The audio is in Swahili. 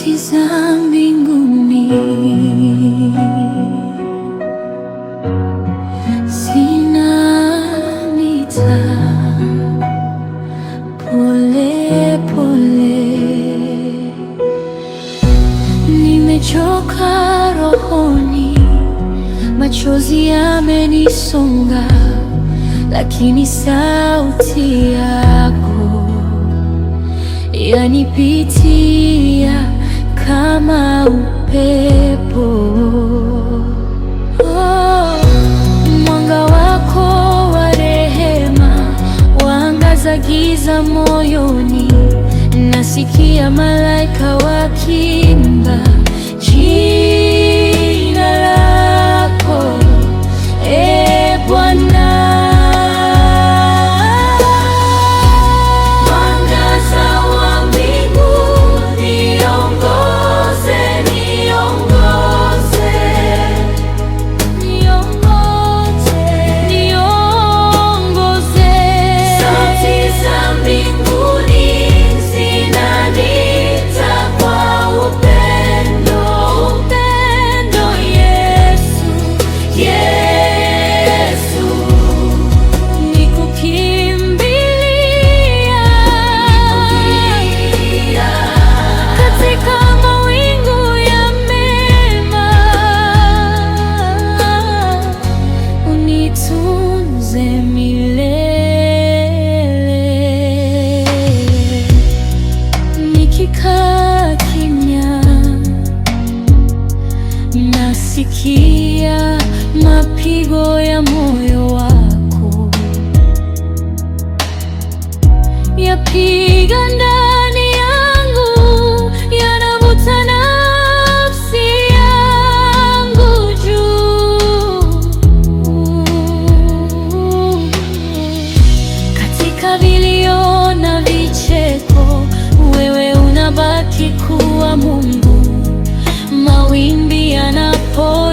sauti za mbinguni, zinanita pole pole. Nimechoka rohoni, machozi yamenisonga, lakini sauti yako yanipitia kama upepo oh, mwanga wako wa rehema waangaza giza moyoni, nasikia malaika waki sikia mapigo ya moyo wako yapiga ndani yangu, yanavuta nafsi yangu juu. Katika vilio na vicheko, wewe unabaki kuwa Mungu mawimbi yanapo